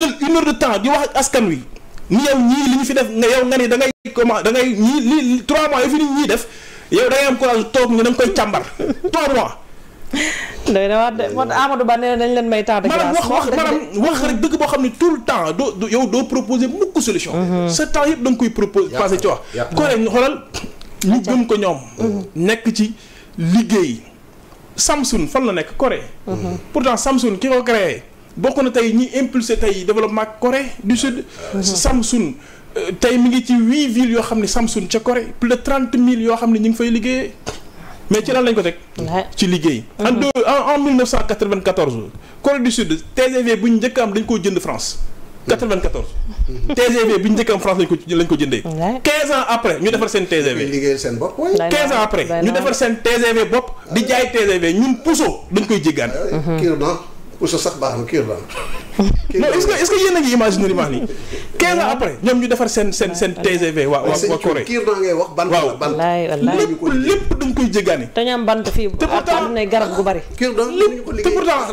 une heure de temps di wax ak askan wi ni yow fi def nga yow nga da ngay comment ngay ñii li trois def da ngay am courage toog ñu da nga koy càmbar trois mois doy na waat de moo tax Amadou Ba nee nañ leen may temps de grâce maanaam wax wax maanaam wax rek dëgg boo xam ne tout le temps doo yow doo proposer mukk solution ce mhm. temps yëpp da nga koy proposer passé ci wax ko rek ñu xoolal ñu gëm ko ñoom mhm. nekk ci liggéey Samsung fan la nekk Corée mhm. pourtant Samsung ki ko créé bokk na tey ñi impulsé tey développement Corée du Sud. Samsung euh, tey mu ngi ci huit villes yoo xam ne Samsung ca Corée plus de trente mille yoo xam ne ñu ngi fay liggéeyee mais ci lan lañ ko teg. ci liggéey. en deux en mille neuf cent quatre-vingt-quatorze bu ñu njëkk am dañ koo jënd France. 94. TGV bi ñu njëkk am France lañ ko lañ ko jëndee. 15 ans après ñu defar seen TGV. liggéeyal seen bopp. seen TGV bopp di jaay TGV ñun puso dañ koy jéggaan. Ah mhm. Ousseur sax baax na Kër la mais est que est que yéen a ngi imaginer li ma nii. 15 après ñoom ñu defar seen seen seen TGV. waa waa Corée Kër wax bant la lépp lépp dañ koy jéggaani. te ñu am bant fii am na garab gu bari. te pourtant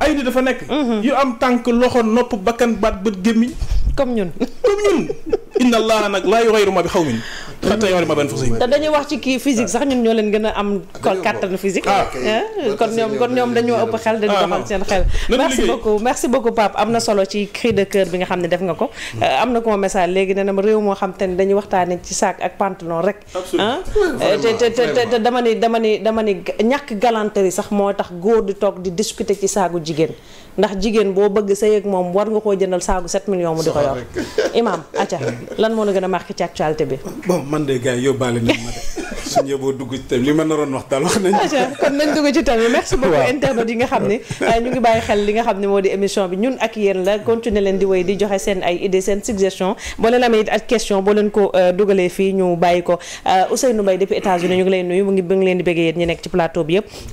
ay nit dafa nekk. Mm-hmm. yu am tànk loxo nopp bakkan baat bët gémmiñ. comme ñun. comme ñun. inna allah nag laa yughayyiru ma bi xawmin te dañuy wax ci kii physique sax ñun ñoo leen gën a am ah, ah, ah, kon kàttan physique kon ñoom kon ñoom dañoo ëpp xel dañu doxal seen xel merci beaucoup merci beaucoup Pape am na solo ci cri de cœur bi nga xam ne def nga ko hmm. euh, am na ko ma message léegi nee na ma réew moo xam te ne dañuy waxtaane ci saak ak pantalon rek euh, te te te dama ne dama ni dama ni ñàkk galanterie sax moo tax góor di toog di discuter ci saagu jigéen ndax jigéen boo bëgg sa ak moom war nga koo jëndal saagu 7 millions mu di ko yor imaam acca lan moo la gën a marqué ci actualité bi bon man de gars yi yóbbaale nañ ma de suñ li nga xam ne ñu ngi bàyyi moo di émission bi ñun ak yéen la continuer leen di wéy di joxe seen ay idée seen suggestion boo leen amee it ak question boo ko euh, fii ñu ko euh, Ousseynou Mbaye depuis États-Unis ñu ngi leen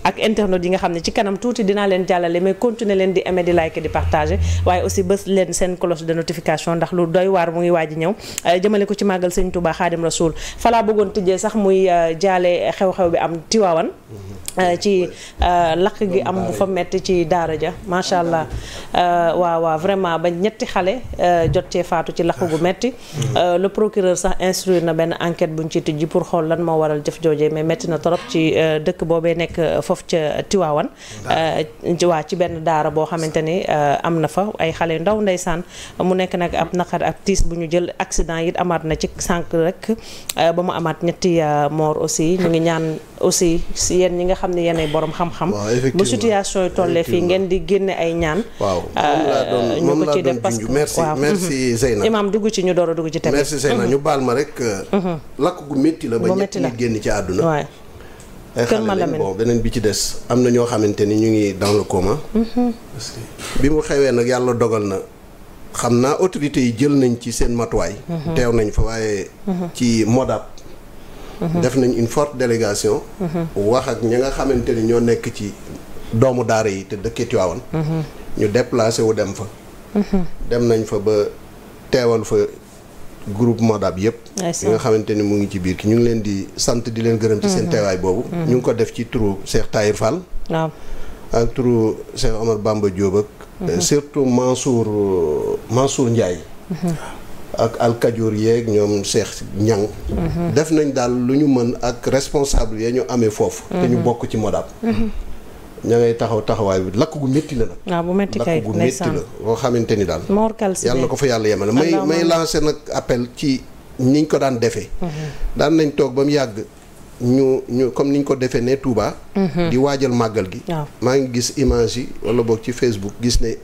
ak internet yi nga xam ne ci kanam tuuti dinaa leen jàllale mais continuer leen di aimé di liker di partager waaye aussi bës leen seen cloche de notification ndax lu doy waar mu ngi waaj ñëw euh, jëmale ko ci màggal sëñ Touba Xaadim Rasoul falaa bëggoon tëjee sax muy euh, jaale xew-xew bi am Tiwaawan mm-hmm. euh, ci lakk gi am bu metti ci daara ja macha allah waaw waaw vraiment ba ñetti xale jot cee faatu ci lakk gu metti mm-hmm. le procureur sax instruire na benn enquête buñ ci tijji pour xool lan moo waral jëf joojee mais metti na torop ci dëkk boobee nekk foofu ca Tiwaawan waa ci benn daara boo xam xamante ne euh, am na fa ay xale yu ndaw ndeysaan mu nekk nag ab naqar ab tiis bu ñu jël accident yi amaat na ci sànq rek euh, ba mu amaat ñetti euh, mort aussi ñu ngi ñaan aussi si yéen ñi nga xam ne yéen ay borom xam-xam. bu situation yi tollee fii ngeen di génne ay ñaan. waaw moom laa doon junj merci merci mm-hmm. Zeyna imaam dugg ci ñu door a dugg ci tamit. merci Zeyna mm-hmm. ñu baal ma rek. Mm-hmm. lakk gu métti la ba ñetti nit génn ci àdduna. kër Malamine bon beneen bi ci des am na ñoo xamante ni ñu ngi dans le mhm. bi mu xewee nag yàlla dogal na xam naa autorités yi jël nañ ci seen matuwaay. Mhm. teew nañ fa waaye. Mhm. ci modab def nañ une forte délégation. wax ak ña nga xamante ni ñoo nekk ci doomu daara yi te dëkkee Tiwaawan. ñu déplacé wu dem fa. dem nañ fa ba teewal fa groupement daab yëpp yi nga xamante ni mu ngi ci biir ki ñu ngi leen di sant di leen gërëm ci seen mm-hmm. teewaay boobu mm-hmm. ñu ngi ko def ci turu Cheikh Tahir Fall waaw ak turu Cheikh Omar Bamba Diop ak mm-hmm. eh, surtout Mansour euh, Mansour Ndiaye ak alkajoor yeeg ñoom Cheikh Niang def nañ daal lu ñu mën ak responsable ya ñu amee foofu te ñu bokk ci modab ña ngay taxaw taxawaay bi lakk gu métti la nag. waaw ah, bu métti kay lakk gu métti la boo xamante ni daal. Mor Kalsi yàlla na ko fa yàlla yemale. may may lancer nag appel ci niñ ko daan defee. Mhm. daan nañ toog ba mu yàgg. ñu ñu comme niñ ko defee ne Touba. Mhm. di waajal màggal gi. maa ngi gis image yi wala boog ci Facebook gis ne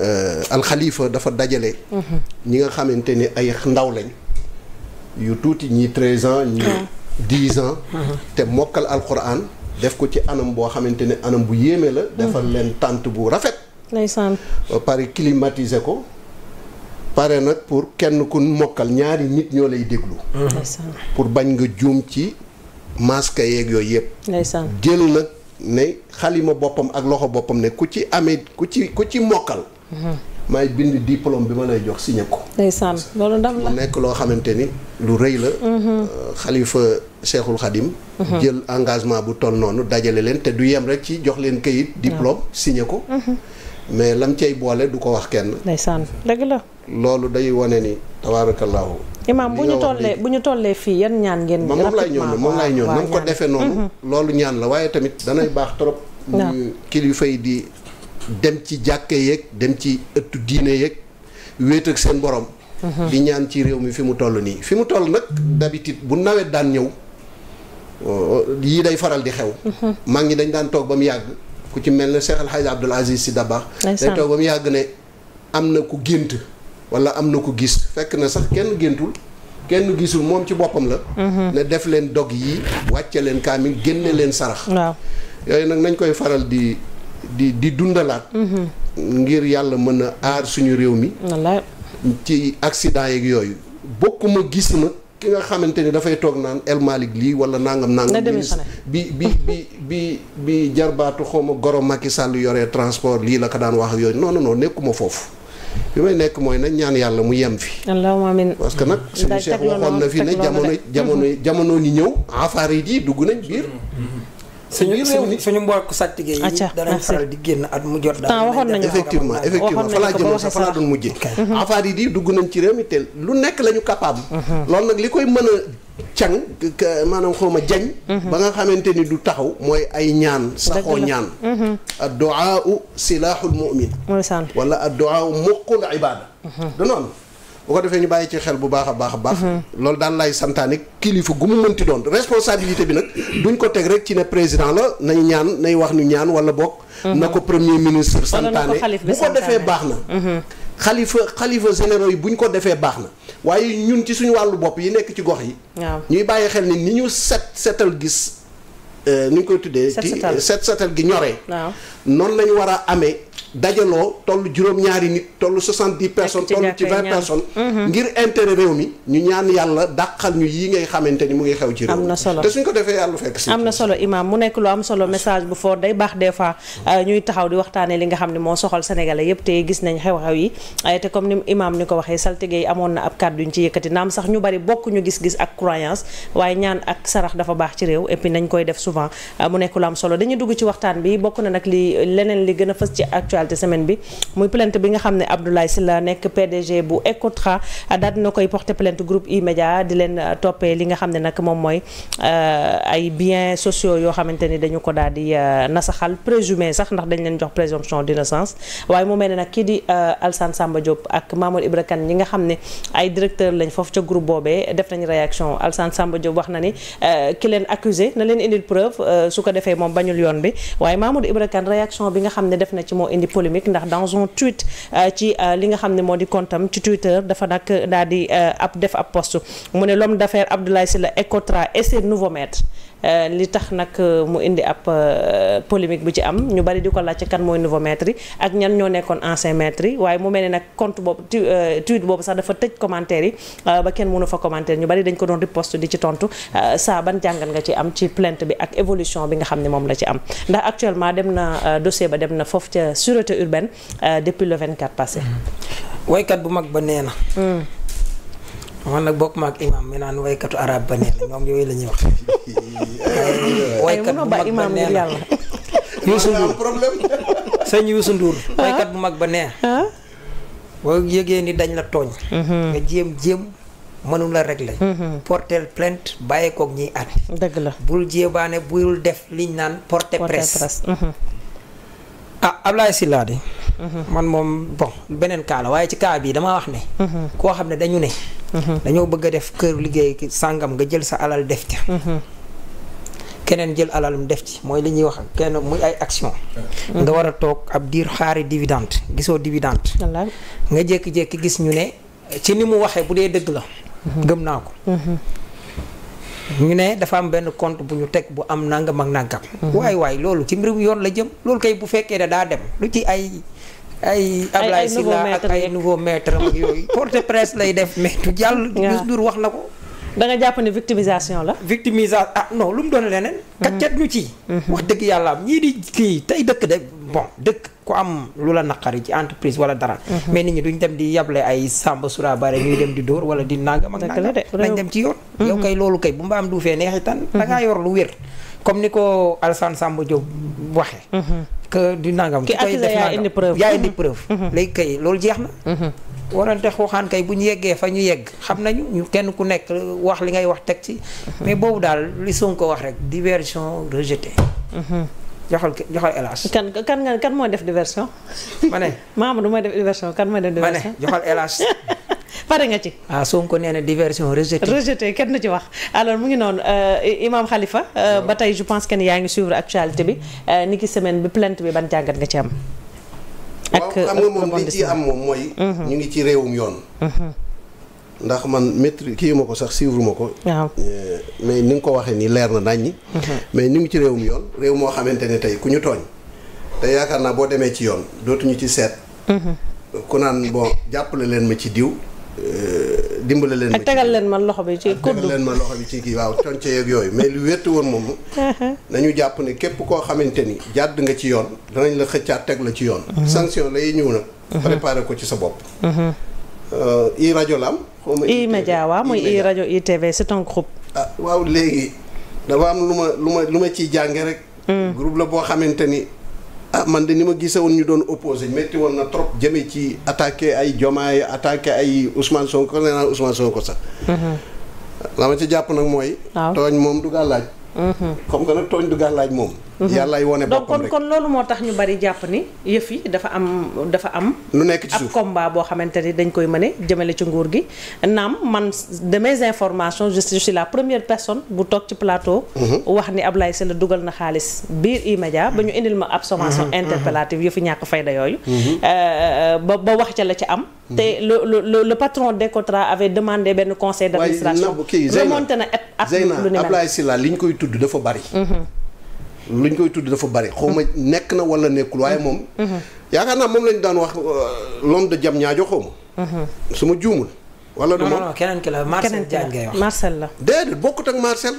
euh, alxalifa dafa dajale. Mhm. ñi nga xamante ni ay ndaw lañ. yu tuuti ñii treize ans ñii ah. dix ans. te mokkal alxuraan. def ko ci anam boo xamante ne anam bu yéemee la. defal mm. leen tànt bu rafet. ndeysaan pare climatiser ko. pare nag pour kenn ku mokkal ñaari nit ñoo lay déglu. Mm-hmm. pour bañ nga juum ci masque yeeg yooyu yëpp. ndeysaan jël nag ne xalima boppam ak loxo boppam ne ku ci amee ku ci ku ci mokkal. Mm-hmm. maay bind diplôme bi ma lay jox signé ko. ndeysaan loolu ndam la mu nekk loo xamante ni lu rëy la. xalifa mhm. euh, Cheikhul Khadim. Mhm. jël engagement bu toll noonu dajale leen te du yem rek ci jox leen kayit. diplôme signé ko. Mhm. mais lam cay boole du ko wax kenn. ndeysaan dëgg la. loolu day wane ni tabaarakallaahu. imaam bu ñu tollee bu ñu tollee fii yan ñaan ngeen. moom laay ñoon moom laay ñoon na ko defee noonu. loolu ñaan la waaye tamit danay baax trop. kilifa yi di. dem ci jàkke yeeg dem ci ëttu diine yeeg wéet ak seen borom. Mhm. di ñaan ci réew mi fi mu toll nii fi mu toll nag d'habitude bu nawet daan ñëw oh, yii day faral di xew. Mhm. mag ñi dañ daan toog ba mu yàgg ku ci mel ne Cheikh El Hadj Abdoul Aziz Sy Dabakh. day toog ba mu yàgg ne am na ku gént wala am na ku gis fekk na sax kenn géntul. kenn gisul moom ci boppam la. Mhm. ne def leen dog yi wàcce leen kaamil génne leen sarax. waaw yooyu nag nañ koy faral di. di di dundalaat. Mhm. ngir yàlla mën a aar suñu réew mi. ci accident yeeg yooyu. bokkuma gis na ki nga xamante ni dafay toog naan El lii wala nangam. nangam bi bi bi bi bi jarbaatu xaw ma goro Macky Sall yore transport lii la ko daan wax ak yooyu non non nekkuma foofu. bi may nekk mooy nañ ñaan yàlla mu yem fi. allahumma nag. suñu cheikh waxoon na fi ne jamono jamono ñëw afaar yi dugg nañ biir. Mhm. suñu suñu mbokk sàttige yi danañ faral di génn at mu jot daal waxoon nañu effectivement effectivement fa laa jëmoon sax fa laa doon mujje affaire yi di dugg nañ ci réew mi te lu nekk la ñu capable mhm. loolu nag li koy mën a càng maanaam xaw ma jañ mhm. ba nga xamante ni du taxaw mooy ay ñaan saxoo ñaan mhm. adduaa u silaaxul mu'min wala adduaa u muqul ibaada du noonu bu ko defee ñu bàyyi ci xel bu baax a baax a baax loolu daan lay santaane kilifa gu mu mënti doon responsabilité bi nag duñ ko teg rek ci ne président la nañu ñaan nay wax ñu ñaan wala boog mhm. na ko premier ministre santaane bu ko defee baax na mhm. xalifa xalifa généraux yi bu ñu ko defee baax na waaye ñun ci suñu wàllu bopp yi nekk ci gox yi ñuy bàyyi xel ni ni ñu set setal gis euh, ni ñu koy tuddee ci set setal gi ñoree noonu lañu war a amee dajaloo toll juróom-ñaari nit toll soixante-dix personnes mhm. ngir intérêt réew mi ñu ñaan yàlla dàqal ñu yi ngay xamante ni mu ngi xew ci réew na solo te suñ ko defee yàlla fekk si am na solo imam mu nekk lu am solo message bu fort day euh, li nga xam ne moo soxal sénégalais yépp te gis nañ xew-xew yi euh, te comme ni imam ni ko waxee saltige yi amoon na ab ñu ci yëkkati naam sax ñu bari bokk ñu gis-gis ak croyance waaye ñaan euh, dugg ci waxtaan bi bokk na nag li leneen li gën a fës ci actualité actualité semaine bi muy plainte bi nga xam ne Abdoulaye Sylla nekk PDG bu Ecotra daal dina koy porter plainte groupe E-Media di leen toppee li nga xam ne nag moom mooy euh, ay biens sociaux yoo xamante ni dañu ko daal di euh, nasaxal présumé sax ndax dañ leen jox présomption d'innocence waaye mu mel ne nag kii di euh, Alsane Samba Diop ak Mamour Ibra Kane nga xam ne ay directeur lañ foofu ca groupe boobee def nañ réaction Alsane Samba Diop wax na ni ki leen accusé na leen indil yoon bi polémique ndax dans on tweet euh, ci euh, li nga xam ne moo di kontam ci Twitter dafa nag daal di euh, ab def ab post mu ne l'homme d'affaires Abdoulaye Sylla Ecotra et ses nouveaux maîtres Euh, li tax nag euh, mu indi ab euh, polémique bu ci am ñu bari di ko laajte kan mooy nouveau maître yi ak ñan ñoo nekkoon ancien maître yi waaye mu mel ne nag compte boobu tweet boobu sax dafa tëj commentaire yi ba kenn mënu fa commentaire ñu bari dañ ko doon riposte di ci tontu saa ban jàngat nga ci am ci plainte bi ak évolution bi nga xam ne moom la ci am ndax actuellement dem na dossier ba dem na foofu ca sûreté urbaine depuis le 24 passé. waykat bu mag ba nee na. Hmm. man nag bokk maak imaam mi naan waykatu arab ba nee na ñoom yooyu la ñuy wax. waykat ah. bu mag ba nee na Youssou ah. Ndour bu mag ba nee na ni dañ la tooñ mm-hmm. nga jéem jéem mënul la régler mm-hmm. porter plainte bàyyi koog ñiy at dëgg la bul jéebaane bul def liñ naan porter presse mm-hmm. ah Ablaye Sylla de man moom bon beneen cas la waaye ci cas bii damaa wax ne. koo xam ne dañu ne. dañoo bëgg a def kër liggéey sàngam nga jël sa alal def ca. keneen jël alal mu def ci mooy li ñuy wax kenn mu ay action nga war a toog ab diir xaari dividende gisoo dividende nga jékki-jékki gis ñu ne ci ni mu waxee bu dee dëgg la gëm naa ko ñu ne dafa am benn compte bu ñu teg bu am nangam ak nangam. Mhm. waay waay loolu ci mbirum yoon la jëm loolu kay bu fekkee ne daa dem lu ci ay. ay Ablaye Sylla ak ay nouveau maître ak yooyu porte presse lay def mais du jàll. waaw wax na ko. da jàpp ne victimisation la. victimisation ah non lu mu doon leneen. Mhm. kat kat ñu ci. Mhm. wax dëgg yàlla am ñii di kii tey dëkk de. bon dëkk ku am lu la naqari ci entreprise wala dara mhm. mais nit ñi duñ dem di yable ay samba sura bare ñuy dem di dóor wala di nangam ak nangam nañ dem ci yoon mhm. yow kay loolu kay bu mbaam duufee neexitan mhm. da ngaa yor lu wér comme ni ko Alassane Samba Diop waxee que di nangam ki koy def yaa indi preuve yaa indi preuve léegi kay loolu jeex na warante xooxaan kay bu ñu yeggee fa ñu yegg xam nañu ñu kenn ku nekk wax li ngay wax teg ci mais boobu daal li Sonko wax rek diversion rejetée joxal joxal El Hadj. kan kan kan moo def diversion. ma ne Mamadou mooy def diversion kan mooy def. diversion ma ne joxal El pare nga ci. ah Sonko nee na diversion rejeté. rejeté kenn ci wax alors mu ngi noonu euh, Imam xalifa euh, ba tey je pense que ni yaa ngi suivre actualité bi euh, ni ki semaine bi plainte bi ban jàngat nga ci am. ak ak xam nga moom li ci am moom mooy. Mhm. ñu ngi ci réewum yoon. Mhm. ndax man maîtrise kii ma ko sax suivre ma ko. Eh, mais ni nga ko waxee nii leer na naññi. Mhm. mais ñu ci réewum yoon réew moo xamante ne tey ku ñu tooñ. te yaakaar naa boo demee ci yoon dootuñu ci seet. Mhm. ku naan bon jàppale leen ma ci diw. Eh, dimbale leen ma ci tegal leen ma loxo bi ci kudd ma loxo bi ci kii waaw tonce yooyu mais lu wétti woon moom. Mhm. nañu jàpp ne képp koo xamante ni jàdd nga ci yoon danañ la xëccaat teg la ci yoon. sanction lay ñëw nag. préparé ko ci sa bopp. Euh, i rajo la i média waaw mooy i rajo i tv c'est un groupe ah waaw léegi dafa am lu ma lu ma lu ma ciy jànge rek hmm. groupe la boo xamante ni ah man de ni ma gise woon ñu doon opposé métti woon na trop jëmee ci attaqué ay Diomaye attaqué ay Ousmane Sonko nee naa Ousmane Sonko sax hmm. la ma ci jàpp nag mooy tooñ moom du gàllaaj comme que nag tooñ du gàllaaj moom Mhm. yàllaay wone boppam kon kon loolu moo tax ñu bari jàpp ni yëf dafa am dafa am. lu nekk ci suuf ab combat boo xamante ni dañ koy mëne jëmale ci nguur gi naam man de information informations je suis, la première personne bu toog ci plateau. Mhm. wax ni Ablaye Sylla dugal na xaalis biir E-Media ba ñu indil ma ab sommation mhm. interpellative yëfi ñàkk fayda yooyu. Euh, euh, ba ba wax ca la ci am. te le le le, le patron d'Ecotra avait demandé benn conseil d'administration. remonté na et at lu ni mel li koy tudd dafa bari. luñ koy tudd dafa bari xaw nekk na wala nekkul waaye moom. yaakaar naa moom lañ daan wax euh, l'homme de Diamniadio xaw ma. su ma juumul. wala du moom non non keneen ki la Marcel Diagne ngay wax Marcel la. déedéet bokkut ak Marcel.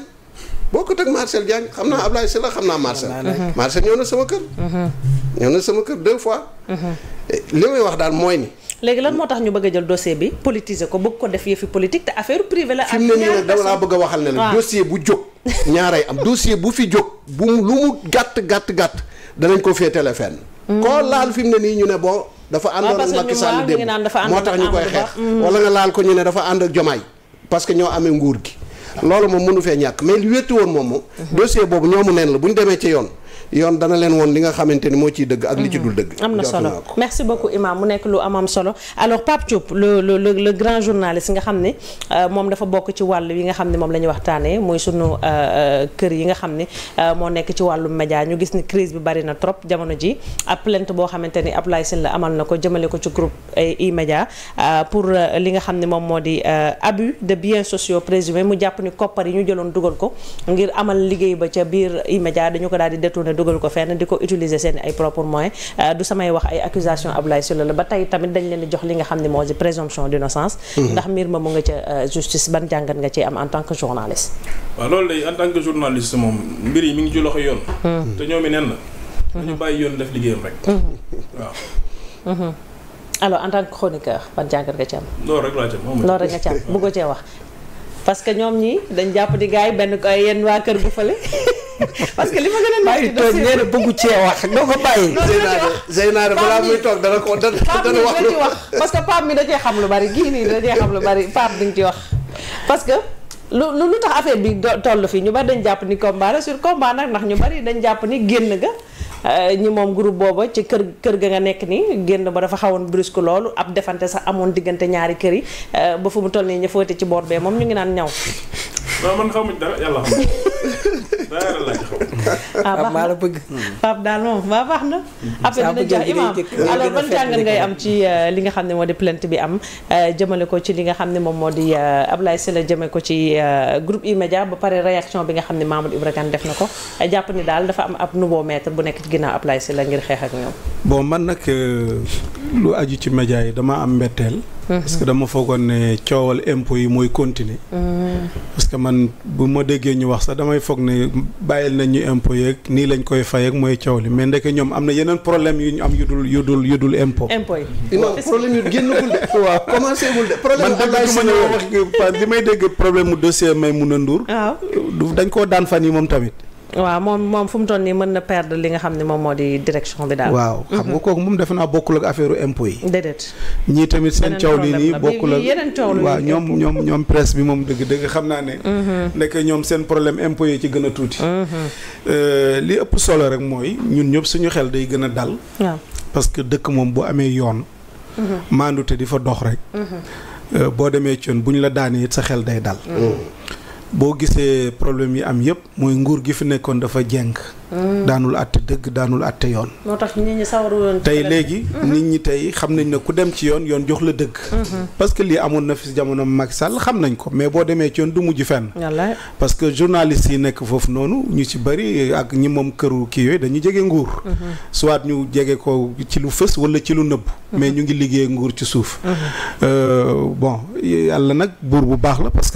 bokkut ak Marcel Diagne xam naa Ablaye Sylla xam naa Marcel. Marcel ñëw na sama kër. Mhm. ñëw na sama kër deux mhm. li may wax daal mooy ni. léegi lan moo tax ñu bëgg a jël dossier bi politiser ko bëgg ko def yëfi politique affaire privée am fi mu ne nii dama laa bëgg a waxal ne la dossier am dossier bu fi jóg bu mu gàtt gàtt gàtt danañ ko féetale fenn. Hmm. koo fi mu ne nii ñu ne bon. dafa àndoon ak Macky Sall démb moo tax ñu koy xeex. Hmm. wala nga laal ko ñu ne dafa ànd ak Jomaay parce que ñoo amee nguur gi. loolu moom mënu fee ñàkk mais li wétti woon moom moom. dossier boobu ñoomu neen la bu ñu demee ci yoon yoon dana leen woon li nga xamante ni moo ciy dëgg ak li ci mhm. dul dëgg am na solo merci beaucoup imam mu nekk lu am solo alors Pape Diop le le le grand journaliste nga xam ne euh, moom dafa bokk ci wàll yi nga xam ne moom la ñuy waxtaanee mooy sunu euh, euh, kër yi nga xam ne moo nekk ci wàllu média ñu gis ni crise bi bari na trop jamono ji ab plainte boo xamante ni Abdoulaye Sylla amal na ko jëmale ko ci groupe E-Media pour li nga xam ne moom moo di abus de biens sociaux présumés mu jàpp ni koppar yi ñu jëloon dugal ko amal liggéey ba ca biir E-Media dañu ko daal di détourné dugal ko fenn di ko utiliser seen ay propres moyens euh, du samay wax ay accusation Abdoulaye Sylla la ba tey tamit dañ leen jox li nga xam ne moo di présomption d'innocence mhm. ndax mbir ma mu nga ca euh, justice ban jàngat nga ci am en tant que journaliste waaw loolu day en tant que journaliste moom mbir yi mi ngi mhm. mhm. rek nga ci am loolu cee wax parce ñoom ñi dañ jàpp di gars yi benn ko yenn waa kër gu fële parce que li ma gën a bàyyi toog que Pape mi da cee lu bari gii nii da cee xam lu nga ci wax parce que. lu lu affaire bi toll fii ñu bari dañ jàpp ni combat la sur combat nag ndax bari dañ jàpp ni génn ga euh, ñi moom groupe booba ci kër kër ga nga nekk ni génn ba dafa xawoon brusque loolu ab defante sax amoon diggante ñaari kër yi euh, ba fu mu toll nii ña fóote ci boor bee moom ñu ngi naan ñaw. non man xamuñ dara yàlla xam ah maa la bëgg. Pape daal moom maa baax na. après dinañ jox imam alors ban jàngat ngay am ci euh, li nga xam ne moo di plainte bi am euh, jëmale ko ci li nga xam ne moom moo di euh, Ablaye Sylla jëme ko ci groupe E-Media ba pare réaction bi nga xam ne Mamadou Ibra Kane def na ko jàpp ni daal dafa am ab nouveau maître bu nekk ci ginnaaw Ablaye Sylla ngir xeex ak ñoom. bon man nag. lu aju ci média yi dama am mbetteel. Mhm. parce que dama foogoon ne coowal impôts yi mooy continuer. Mhm. parce que man bu ma déggee ñu wax sax damay foog ne bàyyil nañ ñu impôts yeeg nii lañ koy fay ak mooy coow li mais ndeke ñoom am na yeneen problème yu ñu am yu dul yu dul yu dul impôt. impôt yi non problème de. waaw de. problème man li may dégg problème mu dossier may mun a nduur. dañ koo daan fan yi moom tamit. waaw moom moom fu mu toll nii mën na perdre li nga xam ne moom moo di direction bi daal. waaw xam nga mhm. kooku moom defe naa bokkul ak affaire impôt yi. ñii tamit seen coow lii nii bokkul ak yeneen coow ñoom ñoom ñoom presse bi moom dëgg-dëgg xam naa ne. Mhm. nekk ñoom seen problème impôt yi ci gën a tuuti. Mhm. Euh, li ëpp solo rek mooy ñun ñëpp suñu xel day gën a dal. waaw parce que dëkk moom bu amee yoon. maandu te di fa dox rek. Euh, boo demee coon bu ñu la daanee it sa xel day dal. Mm. boo gisee problème yi am yëpp mooy nguur gi fi nekkoon dafa jeng mm. daanul àtte dëgg daanul àtte yoon. moo tax nit ñi sawaru tey léegi. Mm-hmm. nit ñi tey xam nañ ne ku dem ci yoon yoon jox la dëgg. Mm-hmm. parce que lii amoon na fi jamono jamono mag Sall xam nañ ko mais boo demee ci yoon du mujj fenn. parce que journalistes yi nekk foofu noonu ñu si bëri ak ñi moom këru kii yooyu dañu jege nguur. Mm-hmm. soit ñu jege ko ci lu fës wala ci lu nëbb. mais ñu ngi liggéey nguur ci suuf. Euh, bon yàlla nag buur bu baax la parce